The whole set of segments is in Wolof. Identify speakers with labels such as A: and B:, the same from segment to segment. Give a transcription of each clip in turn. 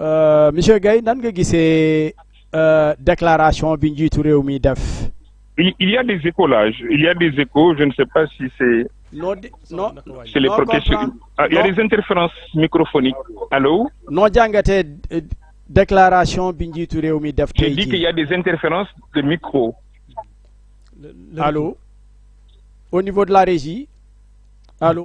A: Euh, monsieur Gaye nan nga gisee euh, déclaration bi njiitu rewmi
B: il y a des échos là il y a des échos je ne sais pas si c'est non
A: non c'est les ah,
B: il y a des interférences microphoniques allô. non
A: jàngatee euh, déclaration bi def. dit qu'il
B: y a des interférences de micro.
A: allô au niveau de la régie allô.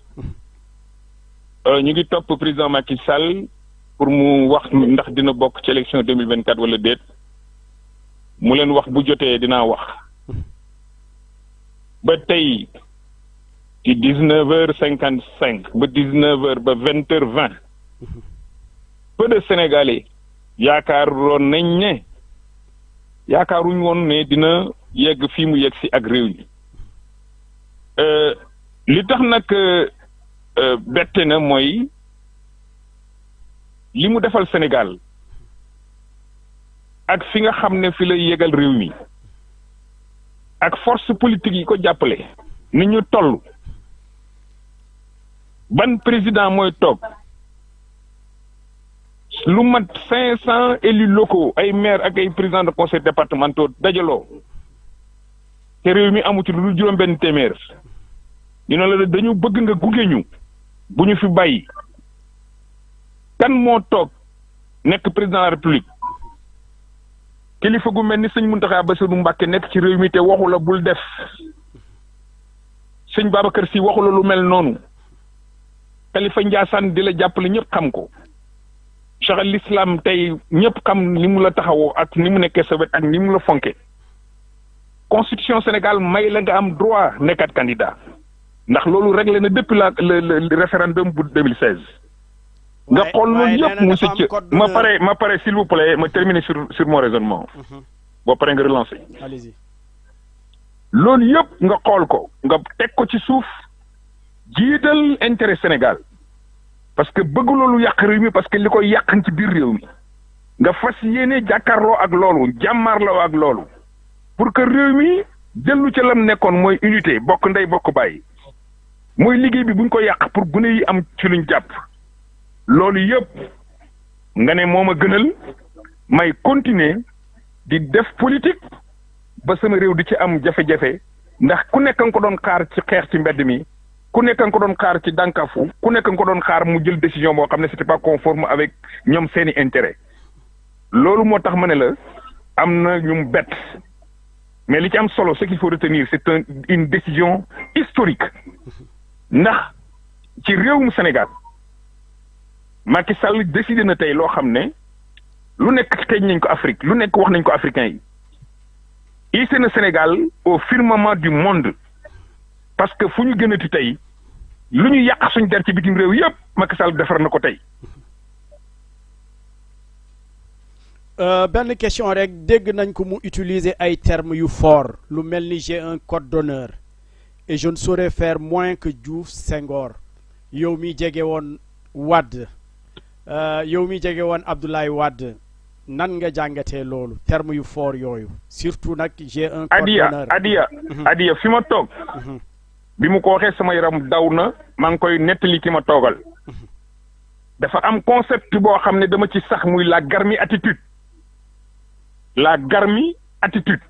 B: Euh, ñu ngi topp président Macky Sall pour mu wax ndax dina bokk ci élection deux mille vingt quatre wala déet mu leen wax bu jotee dinaa wax ba tey ci dix neuf heures cinquante cinq ba dix neuf heures ba vingt heures vingt peu de Sénégalais yaakaaroon nañ ne yaakaaruñ woon ne dina yegg fii mu yegg si ak réew mi euh, li tax nag. Euh, Euh, bette na mooy li mu defal Sénégal ak fi nga xam ne fi lay yégal réew mi ak force politique yi ko jàppale ni ñu toll ban président mooy toog lu mat cinq cent élus locaux ay maire ak ay président de conseil départementaux dajaloo te réew mi amu ci lu dul juróom benn téeméer ñu ne la dañu bëgg nga gunge ñu bu ñu fi bàyyi kan moo toog nekk président de la république kilifa gu mel ni sëñ ba Bassirou Mbacké nekk ci réew mi te waxu la bul def sëñ Babacar si waxu la lu mel noonu xalifa Ndiassane di la jàppale ñëpp xam ko Cheikh al Islam tey ñëpp xam ni mu la taxawoo ak ni mu nekkee sa wet ak ni mu la fonke constitution Sénégal may la nga am droit nekkat candidat ndax loolu réglé na depuis la le référendum bu 2016. nga xol lu yépp mu sëcc ma pare ma pare s'il vous plaît ma terminer sur sur mon raisonnement. Mhm. bo paree nga relancer. allez-y loolu yépp nga xool ko nga teg ko ci suuf jiital intérêt Sénégal parce que bëgg loolu yàq réew mi parce que li koy yàqan ci biir réew mi nga fas yéene jàkkaarloo ak loolu jàmmaarloo ak loolu pour que réew mi dellu ca lam nekkoon mooy unité bokk ndey bokk bàyyi. mooy liggéey bi buñ ko yàq pour gune yi am ci luñ jàpp loolu yëpp nga ne moo ma gënal may continuer di def politique ba sama réew di ci am jafe-jafe ndax ku nekk nga ko doon xaar ci xeex ci mbedd mi ku nekk nga ko doon xaar ci dànkafu ku nekk nga ko doon xaar mu jël décision boo xam ne c'était pas conforme avec ñoom seeni intérêt loolu moo tax ma ne la am na ñu bett mais li ci am solo ce qu'il faut retenir c'est une décision historique ndax ci réewum Sénégal Macky Sall décidé na tey loo xam ne lu nekk xeeñ nañ ko Afrique lu nekk wax nañ ko africain yi hissé na Sénégal au firmament du monde parce que fu ñu gënati tey lu ñu yàq suñ der ci bitim réew yépp Macky defar na ko tey.
A: Euh, benn question rek dégg nañ ko mu utiliser ay termes yu fort lu mel ni j'ai un code d'honneur et je ne saurais faire moins que Diouf Senghor yow mi Wad, Yomi Wade euh, yow mi Abdoulaye Wade nan nga terme yu surtout nak
B: j'ai un Adia, Adia mhm. Adia fi ma toog mhm. bi mu ko Netli, sama yaram daw na koy mhm. dafa am concept tu xam ne dama ci sax mouy la garmi attitude la garmi attitude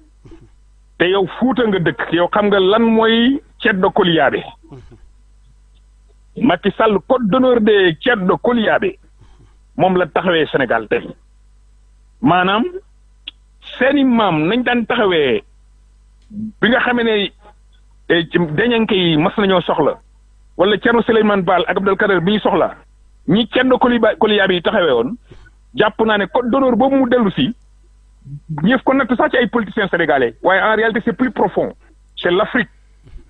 B: te yow fuuta nga dëkk yow xam nga lan mooy ceddo koliyaabe Macky Sall code d'honneur de ceddo koliyaabe moom la taxawee Sénégal tey maanaam seeni maam nañ daan taxawee bi nga xamee ne eh, deñanke yi mas nañoo soxla wala Thierno Souleymane Baal ak Abdel Kader bi ñu soxla ñi ceddo koliyaabe yi taxawee woon jàpp naa ne code d'honneur boobu mu dellu si ñëpp ko tout ça ci ay politiciens sénégalais waaye en réalité c'est plus profond c'est l'Afrique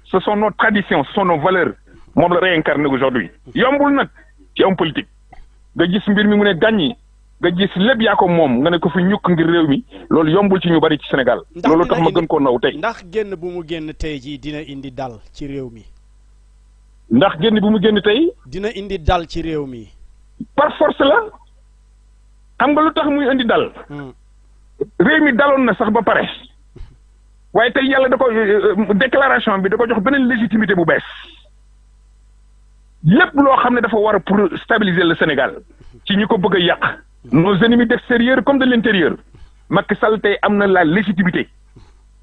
B: ce sont nos traditions ce sont nos valeurs moom la réincarné aujourd'hui yombul nag ci un politique nga gis mbir mi mu ne gàññi nga gis lepp yaa ko moom nga ne ko fi ñuk ngir réew mi loolu yombul ci ñu bari ci Sénégal loolu tax ma gën ko naw tay ndax
A: genn bu mu genn tay jii dina indi dal ci réew mi
B: ndax genn bu mu genn tay dina indi dal ci réew mi par force la xam nga lu tax muy indi dal hmm réew mi daloon na sax ba pare waaye tey yàlla da ko euh, euh, déclaration bi da ko jox beneen légitimité bu bees lépp loo xam ne dafa war pour stabiliser le Sénégal ci ñi ko bëgg a yàq nos ennemis d'extérieur comme de l'intérieur Macky Sall tey am na la légitimité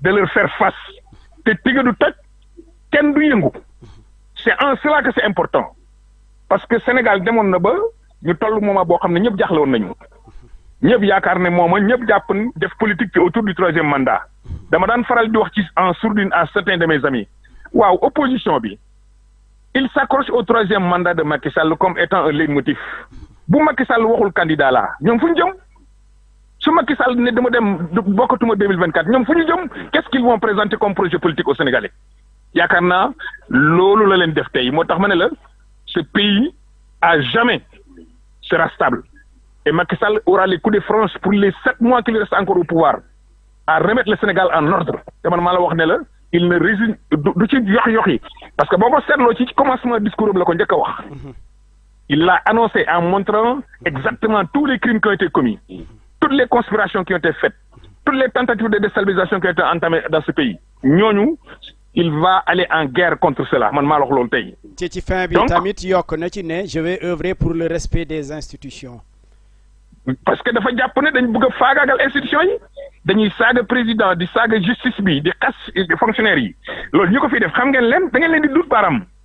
B: de leur faire face te tigga du toj kenn du yëngu c'est en cela que c'est important parce que Sénégal demoon na ba ñu toll moment boo xam ne ñëpp jaaxle woon nañu ñëpp yaakaar ne mooma ñëpp jàpp def politique bi autour du troisième mandat dama daan faral di wax ci en sourdine à certains de mes amis waaw opposition bi il s'accroche au troisième mandat de Macky Sall comme étant un leitmotiv bu Macky Sall waxul candidat la ñoom fu ñu jëm su Macky Sall ne dama dem bokkatuma 2024 ñoom fu ñu jëm qu'est-ce qu'ils vont présenter comme projet politique au Sénégalais yaakaar naa loolu la leen def tey moo tax ma ne la ce pays à jamais sera stable et aura les coups de France pour les sept mois qu'il reste encore au pouvoir à remettre le Sénégal en ordre. Il ne résigne parce que bon, ci commencement discours la Il l'a annoncé en montrant exactement tous les crimes qui ont été commis, toutes les conspirations qui ont été faites, toutes les tentatives de déstabilisation qui ont été entamées dans ce pays. nous, il va aller en guerre contre cela man
A: je vais œuvrer pour le respect des institutions.
B: parce que dafa jàpp ne dañ bëgg a faagaagal institution yi dañuy saaga président di saaga justice bi di xas fonctionnaire yi loolu ñu ko fiy def xam ngeen leen da ngeen leen di dut baaraam